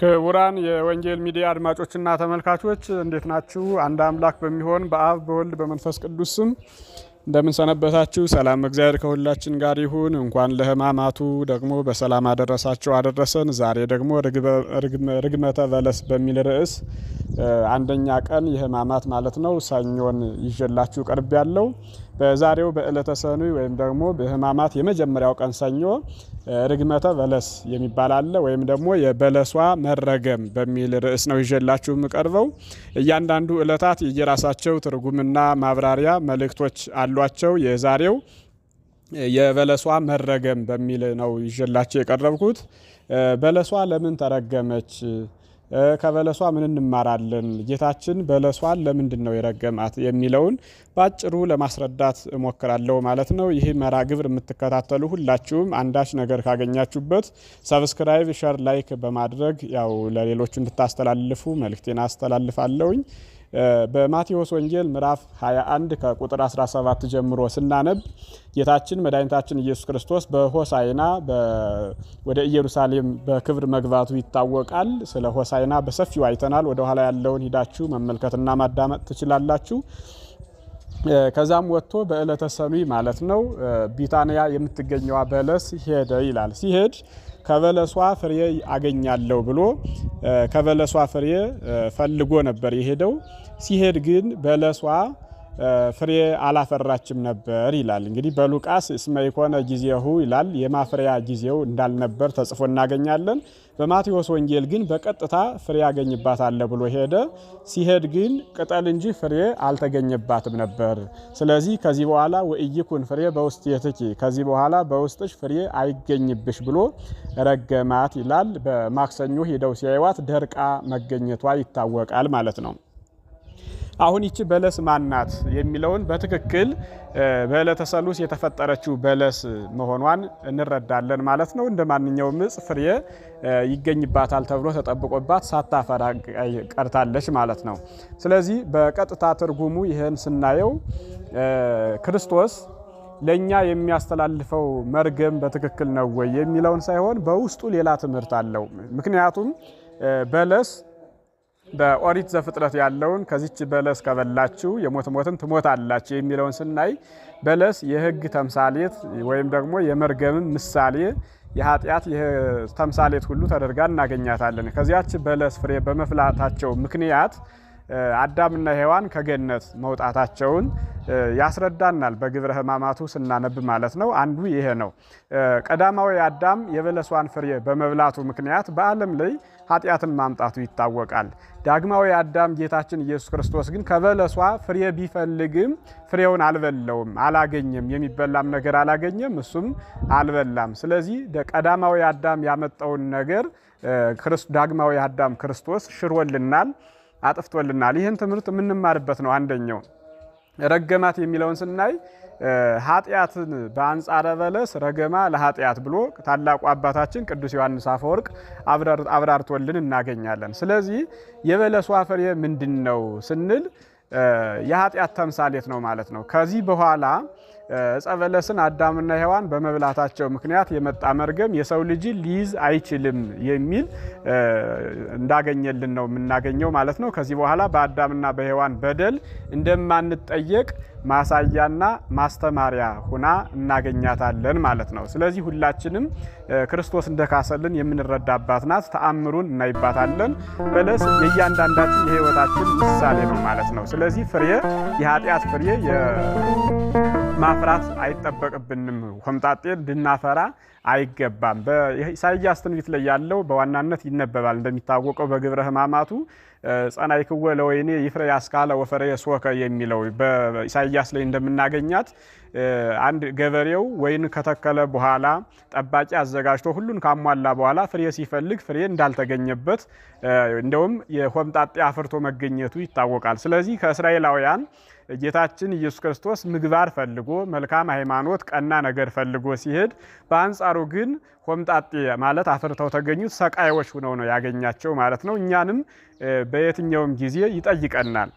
ክቡራን የወንጌል ሚዲያ አድማጮችና ተመልካቾች እንዴት ናችሁ? አንድ አምላክ በሚሆን በአብ በወልድ በመንፈስ ቅዱስ ስም እንደምንሰነበታችሁ ሰላም እግዚአብሔር ከሁላችን ጋር ይሁን። እንኳን ለሕማማቱ ደግሞ በሰላም አደረሳችሁ አደረሰን። ዛሬ ደግሞ ርግመተ በለስ በሚል ርዕስ አንደኛ ቀን የሕማማት ማለት ነው ሰኞን ይዤላችሁ ቀርብ ያለው በዛሬው በዕለተ ሰኑይ ወይም ደግሞ በሕማማት የመጀመሪያው ቀን ሰኞ ርግመተ በለስ የሚባል አለ ወይም ደግሞ የበለሷ መረገም በሚል ርዕስ ነው ይዤላችሁ የምቀርበው። እያንዳንዱ እለታት የየራሳቸው ትርጉምና ማብራሪያ መልእክቶች አሏቸው። የዛሬው የበለሷ መረገም በሚል ነው ይዤላችሁ የቀረብኩት። በለሷ ለምን ተረገመች? ከበለሷ ምን እንማራለን? ጌታችን በለሷን ለምንድን ነው የረገማት የሚለውን በአጭሩ ለማስረዳት እሞክራለሁ ማለት ነው። ይህ መርሃ ግብር የምትከታተሉ ሁላችሁም አንዳች ነገር ካገኛችሁበት ሰብስክራይብ፣ ሸር፣ ላይክ በማድረግ ያው ለሌሎቹ እንድታስተላልፉ መልእክቴን አስተላልፋለሁኝ። በማቴዎስ ወንጌል ምዕራፍ 21 ከቁጥር 17 ጀምሮ ስናነብ ጌታችን መድኃኒታችን ኢየሱስ ክርስቶስ በሆሳይና ወደ ኢየሩሳሌም በክብር መግባቱ ይታወቃል። ስለ ሆሳይና በሰፊው አይተናል። ወደኋላ ያለውን ሂዳችሁ መመልከትና ማዳመጥ ትችላላችሁ። ከዛም ወጥቶ በዕለተ ሰኑይ ማለት ነው ቢታንያ የምትገኘዋ በለስ ሄደ ይላል። ሲሄድ ከበለሷ ፍሬ አገኛለሁ ብሎ ከበለሷ ፍሬ ፈልጎ ነበር የሄደው። ሲሄድ ግን በለሷ ፍሬ አላፈራችም ነበር ይላል። እንግዲህ በሉቃስ እስመ የኮነ ጊዜሁ ይላል የማፍሪያ ጊዜው እንዳልነበር ተጽፎ እናገኛለን። በማቴዎስ ወንጌል ግን በቀጥታ ፍሬ ያገኝባታል ብሎ ሄደ። ሲሄድ ግን ቅጠል እንጂ ፍሬ አልተገኘባትም ነበር። ስለዚህ ከዚህ በኋላ ወኢይኩን ፍሬ የትኪ ከዚህ በኋላ በውስጥሽ ፍሬ አይገኝብሽ ብሎ ረገማት ይላል። በማክሰኞ ሄደው ሲያይዋት ደርቃ መገኘቷ ይታወቃል ማለት ነው። አሁን ይቺ በለስ ማናት የሚለውን በትክክል በዕለተ ሰሉስ የተፈጠረችው በለስ መሆኗን እንረዳለን ማለት ነው። እንደ ማንኛውም እጽ ፍሬ ይገኝባታል ተብሎ ተጠብቆባት ሳታፈራ ቀርታለች ማለት ነው። ስለዚህ በቀጥታ ትርጉሙ ይህን ስናየው ክርስቶስ ለእኛ የሚያስተላልፈው መርገም በትክክል ነው ወይ የሚለውን ሳይሆን በውስጡ ሌላ ትምህርት አለው። ምክንያቱም በለስ በኦሪት ዘፍጥረት ያለውን ከዚች በለስ ከበላችሁ የሞት ሞትን ትሞታላችሁ የሚለውን ስናይ በለስ የሕግ ተምሳሌት ወይም ደግሞ የመርገምን ምሳሌ የኃጢአት ተምሳሌት ሁሉ ተደርጋ እናገኛታለን። ከዚያች በለስ ፍሬ በመፍላታቸው ምክንያት አዳምና ሔዋን ከገነት መውጣታቸውን ያስረዳናል። በግብረ ሕማማቱ ስናነብ ማለት ነው። አንዱ ይሄ ነው። ቀዳማዊ አዳም የበለሷን ፍሬ በመብላቱ ምክንያት በዓለም ላይ ኃጢአትን ማምጣቱ ይታወቃል። ዳግማዊ አዳም ጌታችን ኢየሱስ ክርስቶስ ግን ከበለሷ ፍሬ ቢፈልግም ፍሬውን አልበለውም፣ አላገኘም። የሚበላም ነገር አላገኘም፣ እሱም አልበላም። ስለዚህ ቀዳማዊ አዳም ያመጣውን ነገር ዳግማዊ አዳም ክርስቶስ ሽሮልናል፣ አጥፍቶልናል። ይህን ትምህርት የምንማርበት ነው። አንደኛው ረገማት የሚለውን ስናይ ኃጢአትን በአንጻረ በለስ ረገማ ለኃጢአት ብሎ ታላቁ አባታችን ቅዱስ ዮሐንስ አፈወርቅ አብራርቶልን እናገኛለን። ስለዚህ የበለሱ ፍሬ ምንድን ነው ስንል የኃጢአት ተምሳሌት ነው ማለት ነው። ከዚህ በኋላ ዕፀ በለስን አዳምና ሔዋን በመብላታቸው ምክንያት የመጣ መርገም የሰው ልጅ ሊይዝ አይችልም የሚል እንዳገኘልን ነው የምናገኘው ማለት ነው። ከዚህ በኋላ በአዳምና በሔዋን በደል እንደማንጠየቅ ማሳያና ማስተማሪያ ሁና እናገኛታለን ማለት ነው። ስለዚህ ሁላችንም ክርስቶስ እንደካሰልን የምንረዳባት ናት። ተአምሩን እናይባታለን። በለስ የእያንዳንዳችን የህይወታችን ምሳሌ ነው ማለት ነው። ስለዚህ ፍሬ የኃጢአት ፍሬ ማፍራት አይጠበቅብንም። ሆምጣጤ ልናፈራ አይገባም። በኢሳይያስ ትንቢት ላይ ያለው በዋናነት ይነበባል። እንደሚታወቀው በግብረ ሕማማቱ ክወ ለወይኔ ይፍረ ያስካለ ወፈረ የሶከ የሚለው በኢሳይያስ ላይ እንደምናገኛት አንድ ገበሬው ወይን ከተከለ በኋላ ጠባቂ አዘጋጅቶ ሁሉን ካሟላ በኋላ ፍሬ ሲፈልግ ፍሬ እንዳልተገኘበት እንደውም የሆምጣጤ አፍርቶ መገኘቱ ይታወቃል። ስለዚህ ከእስራኤላውያን ጌታችን ኢየሱስ ክርስቶስ ምግባር ፈልጎ መልካም ሃይማኖት፣ ቀና ነገር ፈልጎ ሲሄድ፣ በአንጻሩ ግን ሆምጣጤ ማለት አፍርተው ተገኙት ሰቃዮች ሆነው ነው ያገኛቸው ማለት ነው። እኛንም በየትኛውም ጊዜ ይጠይቀናል።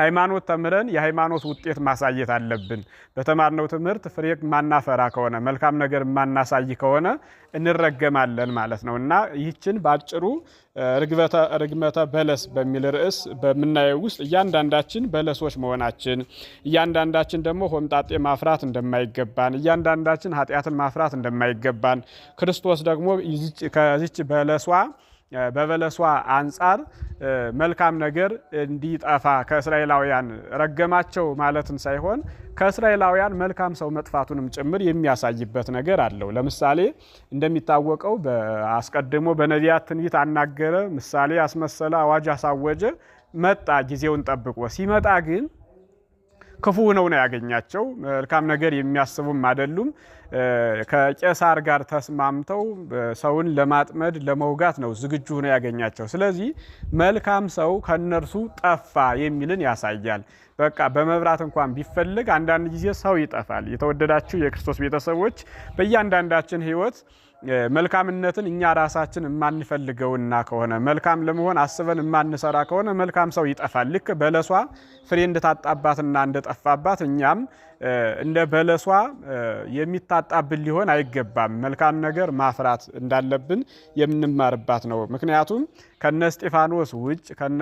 ሃይማኖት ተምረን የሃይማኖት ውጤት ማሳየት አለብን። በተማርነው ትምህርት ፍሬ ማናፈራ ከሆነ መልካም ነገር ማናሳይ ከሆነ እንረገማለን ማለት ነው እና ይህችን በአጭሩ ርግመተ በለስ በሚል ርዕስ በምናየው ውስጥ እያንዳንዳችን በለሶች መሆናችን፣ እያንዳንዳችን ደግሞ ሆምጣጤ ማፍራት እንደማይገባን፣ እያንዳንዳችን ኃጢአትን ማፍራት እንደማይገባን ክርስቶስ ደግሞ ከዚች በለሷ በበለሷ አንጻር መልካም ነገር እንዲጠፋ ከእስራኤላውያን ረገማቸው ማለትን ሳይሆን ከእስራኤላውያን መልካም ሰው መጥፋቱንም ጭምር የሚያሳይበት ነገር አለው። ለምሳሌ እንደሚታወቀው አስቀድሞ በነቢያት ትንቢት አናገረ፣ ምሳሌ አስመሰለ፣ አዋጅ አሳወጀ፣ መጣ ጊዜውን ጠብቆ ሲመጣ ግን ክፉ ሆነው ነው ያገኛቸው። መልካም ነገር የሚያስቡም አይደሉም። ከቄሳር ጋር ተስማምተው ሰውን ለማጥመድ ለመውጋት ነው ዝግጁ ሆነው ያገኛቸው። ስለዚህ መልካም ሰው ከነርሱ ጠፋ የሚልን ያሳያል። በቃ በመብራት እንኳን ቢፈልግ አንዳንድ ጊዜ ሰው ይጠፋል። የተወደዳችሁ የክርስቶስ ቤተሰቦች በእያንዳንዳችን ሕይወት መልካምነትን እኛ ራሳችን የማንፈልገውና ከሆነ መልካም ለመሆን አስበን የማንሰራ ከሆነ መልካም ሰው ይጠፋል። ልክ በለሷ ፍሬ እንደታጣባትና እንደጠፋባት እኛም እንደ በለሷ የሚታጣብን ሊሆን አይገባም። መልካም ነገር ማፍራት እንዳለብን የምንማርባት ነው። ምክንያቱም ከነ እስጢፋኖስ ውጭ ከነ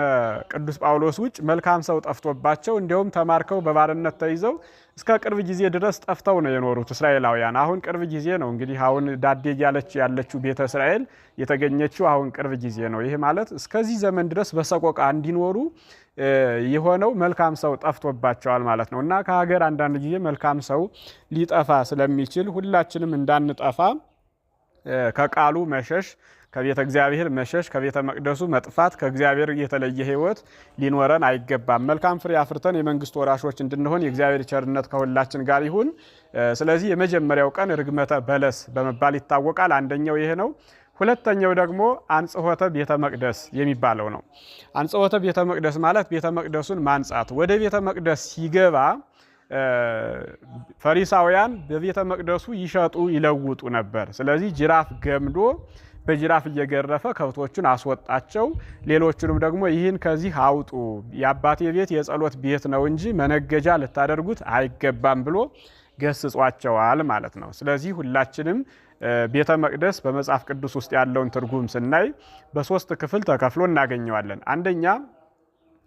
ቅዱስ ጳውሎስ ውጭ መልካም ሰው ጠፍቶባቸው እንዲሁም ተማርከው በባርነት ተይዘው እስከ ቅርብ ጊዜ ድረስ ጠፍተው ነው የኖሩት እስራኤላውያን። አሁን ቅርብ ጊዜ ነው እንግዲህ አሁን ዳዴ እያለች ያለችው ቤተ እስራኤል የተገኘችው አሁን ቅርብ ጊዜ ነው። ይህ ማለት እስከዚህ ዘመን ድረስ በሰቆቃ እንዲኖሩ የሆነው መልካም ሰው ጠፍቶባቸዋል ማለት ነው እና ከሀገር አንዳንድ ጊዜ መልካም ሰው ሊጠፋ ስለሚችል ሁላችንም እንዳንጠፋ ከቃሉ መሸሽ ከቤተ እግዚአብሔር መሸሽ ከቤተ መቅደሱ መጥፋት ከእግዚአብሔር የተለየ ሕይወት ሊኖረን አይገባም። መልካም ፍሬ አፍርተን የመንግስት ወራሾች እንድንሆን የእግዚአብሔር ቸርነት ከሁላችን ጋር ይሁን። ስለዚህ የመጀመሪያው ቀን ርግመተ በለስ በመባል ይታወቃል። አንደኛው ይሄ ነው። ሁለተኛው ደግሞ አንጽሖተ ቤተ መቅደስ የሚባለው ነው። አንጽሖተ ቤተ መቅደስ ማለት ቤተ መቅደሱን ማንጻት። ወደ ቤተ መቅደስ ሲገባ ፈሪሳውያን በቤተ መቅደሱ ይሸጡ ይለውጡ ነበር። ስለዚህ ጅራፍ ገምዶ በጅራፍ እየገረፈ ከብቶቹን አስወጣቸው። ሌሎቹንም ደግሞ ይህን ከዚህ አውጡ፣ የአባቴ ቤት የጸሎት ቤት ነው እንጂ መነገጃ ልታደርጉት አይገባም ብሎ ገስጿቸዋል ማለት ነው። ስለዚህ ሁላችንም ቤተ መቅደስ በመጽሐፍ ቅዱስ ውስጥ ያለውን ትርጉም ስናይ በሶስት ክፍል ተከፍሎ እናገኘዋለን። አንደኛ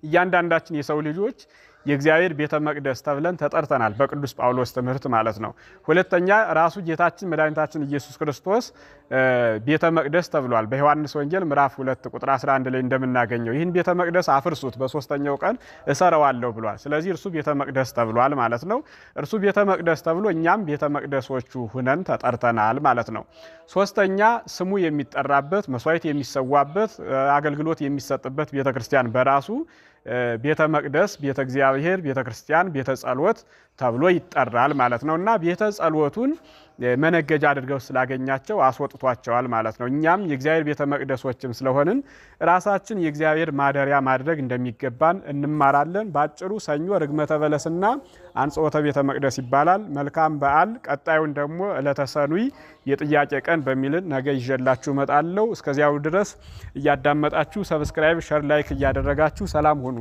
እያንዳንዳችን የሰው ልጆች የእግዚአብሔር ቤተ መቅደስ ተብለን ተጠርተናል፣ በቅዱስ ጳውሎስ ትምህርት ማለት ነው። ሁለተኛ ራሱ ጌታችን መድኃኒታችን ኢየሱስ ክርስቶስ ቤተ መቅደስ ተብሏል። በዮሐንስ ወንጌል ምዕራፍ 2 ቁጥር 11 ላይ እንደምናገኘው ይህን ቤተ መቅደስ አፍርሱት፣ በሶስተኛው ቀን እሰረዋለሁ ብሏል። ስለዚህ እርሱ ቤተ መቅደስ ተብሏል ማለት ነው። እርሱ ቤተ መቅደስ ተብሎ እኛም ቤተ መቅደሶቹ ሁነን ተጠርተናል ማለት ነው። ሶስተኛ ስሙ የሚጠራበት መስዋዕት የሚሰዋበት አገልግሎት የሚሰጥበት ቤተ ክርስቲያን በራሱ ቤተ መቅደስ፣ ቤተ እግዚአብሔር፣ ቤተ ክርስቲያን፣ ቤተ ጸሎት ተብሎ ይጠራል ማለት ነው እና ቤተ ጸሎቱን መነገጃ አድርገው ስላገኛቸው አስወጥቷቸዋል ማለት ነው። እኛም የእግዚአብሔር ቤተ መቅደሶችም ስለሆንን ራሳችን የእግዚአብሔር ማደሪያ ማድረግ እንደሚገባን እንማራለን። በአጭሩ ሰኞ ርግመተ በለስና አንጽሖተ ቤተ መቅደስ ይባላል። መልካም በዓል። ቀጣዩን ደግሞ ዕለተ ሰኑይ የጥያቄ ቀን በሚል ነገ ይዤላችሁ እመጣለሁ። እስከዚያው ድረስ እያዳመጣችሁ ሰብስክራይብ፣ ሸር፣ ላይክ እያደረጋችሁ ሰላም ሁኑ።